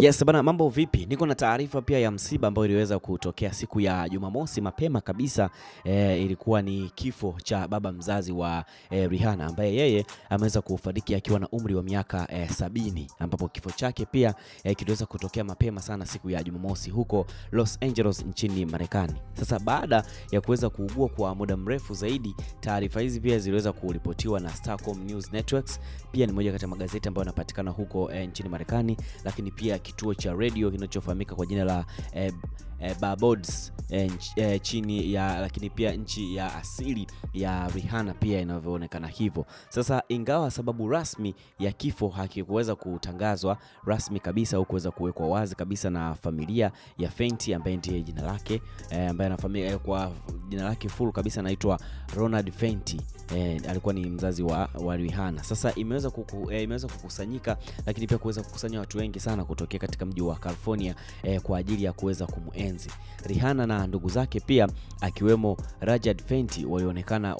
Yes bana, mambo vipi? Niko na taarifa pia ya msiba ambayo iliweza kutokea siku ya Jumamosi mapema kabisa. E, ilikuwa ni kifo cha baba mzazi wa e, Rihanna ambaye yeye ameweza kufariki akiwa na umri wa miaka e, sabini, ambapo kifo chake pia e, kiliweza kutokea mapema sana siku ya Jumamosi huko Los Angeles nchini Marekani. Sasa baada ya kuweza kuugua kwa muda mrefu zaidi, taarifa hizi pia ziliweza kuripotiwa na Starcom News Networks, pia ni moja kati ya magazeti ambayo yanapatikana huko e, nchini Marekani, lakini pia kituo cha redio kinachofahamika kwa jina la eh, eh, babods e, e, chini ya lakini pia nchi ya asili ya Rihanna pia inavyoonekana hivyo. Sasa ingawa sababu rasmi ya kifo hakikuweza kutangazwa rasmi kabisa au kuweza kuwekwa wazi kabisa na familia ya Fenty ambaye ndiye jina lake e, ambaye anafahamika kwa jina lake full kabisa anaitwa Ronald Fenty e, alikuwa ni mzazi wa, wa Rihanna. Sasa imeweza kuku, e, imeweza kukusanyika lakini pia kuweza kukusanya watu wengi sana kutokea katika mji wa California e, kwa ajili ya kuweza kumuenzi Rihanna na ndugu zake pia akiwemo Rajad Fenty walionekana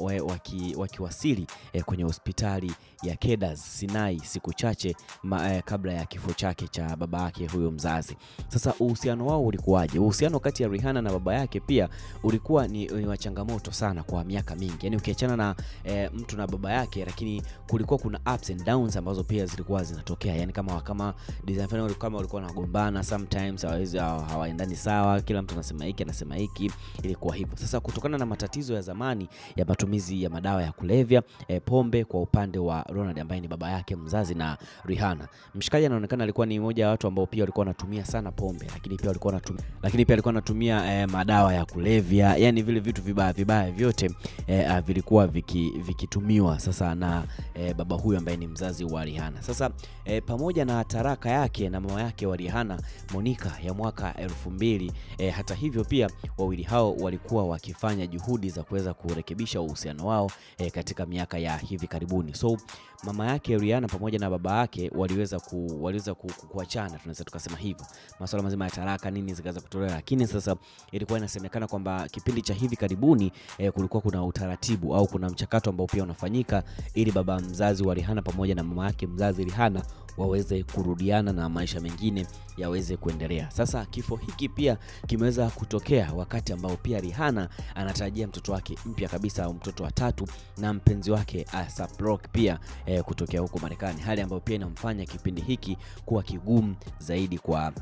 wakiwasili waki eh, e, kwenye hospitali ya Kedas Sinai siku chache ma, e, kabla ya kifo chake cha baba yake huyo mzazi. Sasa uhusiano wao ulikuwaje? Uhusiano kati ya Rihanna na baba yake pia ulikuwa ni, ni wa changamoto sana kwa miaka mingi, yaani ukiachana na e, mtu na baba yake, lakini kulikuwa kuna ups and downs ambazo pia zilikuwa zinatokea, yaani kama kama design kama walikuwa wanagombana sometimes, hawaendani sawa, kila mtu anasema hiki anasema anasema hiki, ilikuwa hivyo. Sasa kutokana na matatizo ya zamani ya matumizi ya madawa ya kulevya e, pombe kwa upande wa Ronald ambaye ni baba yake mzazi na Rihanna, mshikaji anaonekana alikuwa ni mmoja wa watu ambao pia walikuwa wanatumia sana pombe, lakini pia walikuwa wanatumia lakini pia alikuwa anatumia e, madawa ya kulevya, yani vile vitu vibaya vibaya vyote e, vilikuwa vikitumiwa sasa na e, baba huyu ambaye ni mzazi wa Rihanna. Sasa e, pamoja na taraka yake na mama yake wa Rihanna Monica ya mwaka elfu mbili e, hata hivyo pia wawili hao walikuwa wakifanya juhudi za kuweza kurekebisha uhusiano wao e, katika miaka ya hivi karibuni. So mama yake Rihanna pamoja na baba yake waliweza ku, waliweza kuachana, tunaweza tukasema hivyo. Masuala mazima ya talaka nini zikaweza kutolewa, lakini sasa ilikuwa inasemekana kwamba kipindi cha hivi karibuni e, kulikuwa kuna utaratibu au kuna mchakato ambao pia unafanyika ili baba mzazi wa Rihanna pamoja na mama yake mzazi Rihanna waweze kurudiana na maisha mengine yaweze kuendelea. Sasa kifo hiki pia kimeweza kutokea wakati ambao pia Rihanna anatarajia mtoto wake mpya kabisa, mtoto wa tatu na mpenzi wake Asap ah, Rocky pia e, kutokea huko Marekani, hali ambayo pia inamfanya kipindi hiki kuwa kigumu zaidi kwa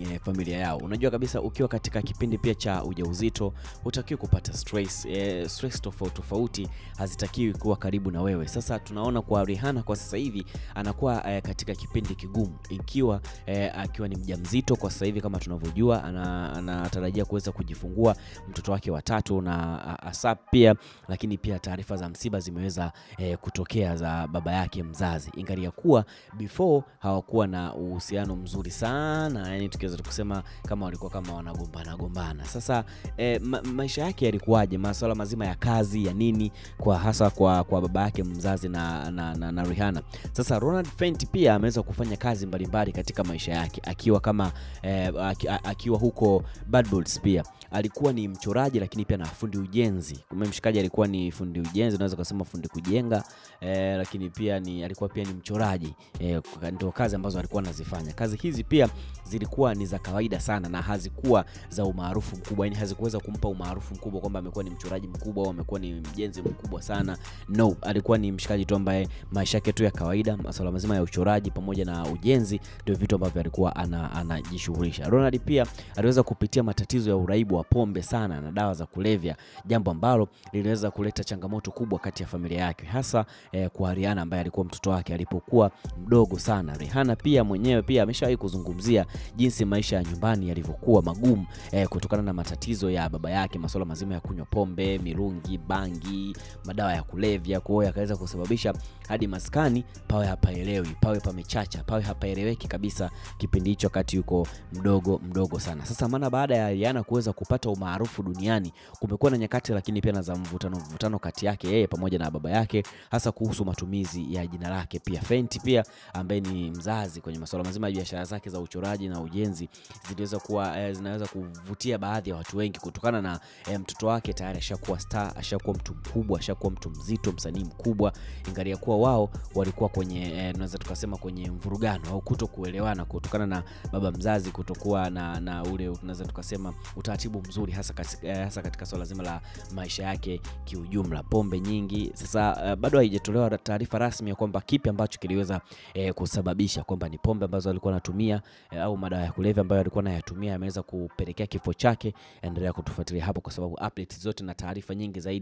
e, familia yao. Unajua kabisa ukiwa katika kipindi pia cha ujauzito utakiwa kupata stress, e, stress tofauti tofauti hazitakiwi kuwa karibu na wewe. Sasa tunaona kwa Rihanna kwa sasa hivi anakuwa e, katika kipindi kigumu ikiwa e, akiwa ni mjamzito kwa sasa hivi kama tunavyojua anatarajia ana kuweza kujifungua mtoto wake wa tatu na ASAP pia, lakini pia taarifa za msiba zimeweza e, kutokea za baba yake mzazi, ingalia kuwa before hawakuwa na uhusiano mzuri sana yani kiingereza kusema kama walikuwa kama wanagombana gombana. Sasa eh, ma maisha yake yalikuwaje, masuala mazima ya kazi ya nini, kwa hasa kwa, kwa baba yake mzazi na, na, na, na Rihanna. Sasa Ronald Fenty pia ameweza kufanya kazi mbalimbali katika maisha yake akiwa kama eh, akiwa huko Bad Boys pia alikuwa ni mchoraji lakini pia na fundi ujenzi. Kumbe mshikaji alikuwa ni fundi ujenzi, unaweza kusema fundi kujenga eh, lakini pia ni alikuwa pia ni mchoraji eh, ndio kazi ambazo alikuwa anazifanya. Kazi hizi pia zilikuwa ni za kawaida sana na hazikuwa za umaarufu mkubwa, yani hazikuweza kumpa umaarufu mkubwa kwamba amekuwa ni mchoraji mkubwa au amekuwa ni mjenzi mkubwa sana. No, alikuwa ni mshikaji tu ambaye maisha yake tu ya kawaida, masuala mazima ya uchoraji pamoja na ujenzi ndio vitu ambavyo alikuwa anajishughulisha. Ana Ronald pia aliweza kupitia matatizo ya uraibu wa pombe sana na dawa za kulevya, jambo ambalo liliweza kuleta changamoto kubwa kati ya familia yake hasa eh, kwa Rihanna ambaye alikuwa mtoto wake alipokuwa mdogo sana. Rihanna pia mwenyewe pia ameshawahi kuzungumzia jinsi maisha ya nyumbani yalivyokuwa magumu eh, kutokana na matatizo ya baba yake, masuala mazima ya kunywa pombe, mirungi, bangi, madawa ya kulevya. Kwa hiyo yakaweza kusababisha hadi maskani pawe hapaelewi, pawe pamechacha, pawe hapaeleweki kabisa kipindi hicho, wakati yuko mdogo mdogo sana. Sasa maana baada ya Ariana kuweza kupata umaarufu duniani, kumekuwa na nyakati lakini pia na za mvutano mvutano kati yake yeye pamoja na baba yake, hasa kuhusu matumizi ya jina lake. Pia Fenty pia ambaye ni mzazi kwenye masuala mazima ya biashara zake za uchoraji na ujenzi mapenzi zinaweza kuwa eh, zinaweza kuvutia baadhi ya watu wengi kutokana na eh, mtoto wake tayari ashakuwa star, ashakuwa mtu mkubwa, ashakuwa mtu mzito, msanii mkubwa, ingalia kuwa wao walikuwa kwenye eh, naweza tukasema kwenye mvurugano au kuto kuelewana kutokana na baba mzazi kutokuwa na, na ule tunaweza tukasema utaratibu mzuri hasa katika, eh, hasa katika swala zima la maisha yake kiujumla, pombe nyingi. Sasa eh, bado haijatolewa taarifa rasmi ya kwamba kipi ambacho kiliweza eh, kusababisha kwamba ni pombe ambazo alikuwa anatumia eh, au madawa ya kulevya ambayo alikuwa anayatumia yameweza kupelekea kifo chake. Endelea kutufuatilia hapo kwa sababu update zote na taarifa nyingi zaidi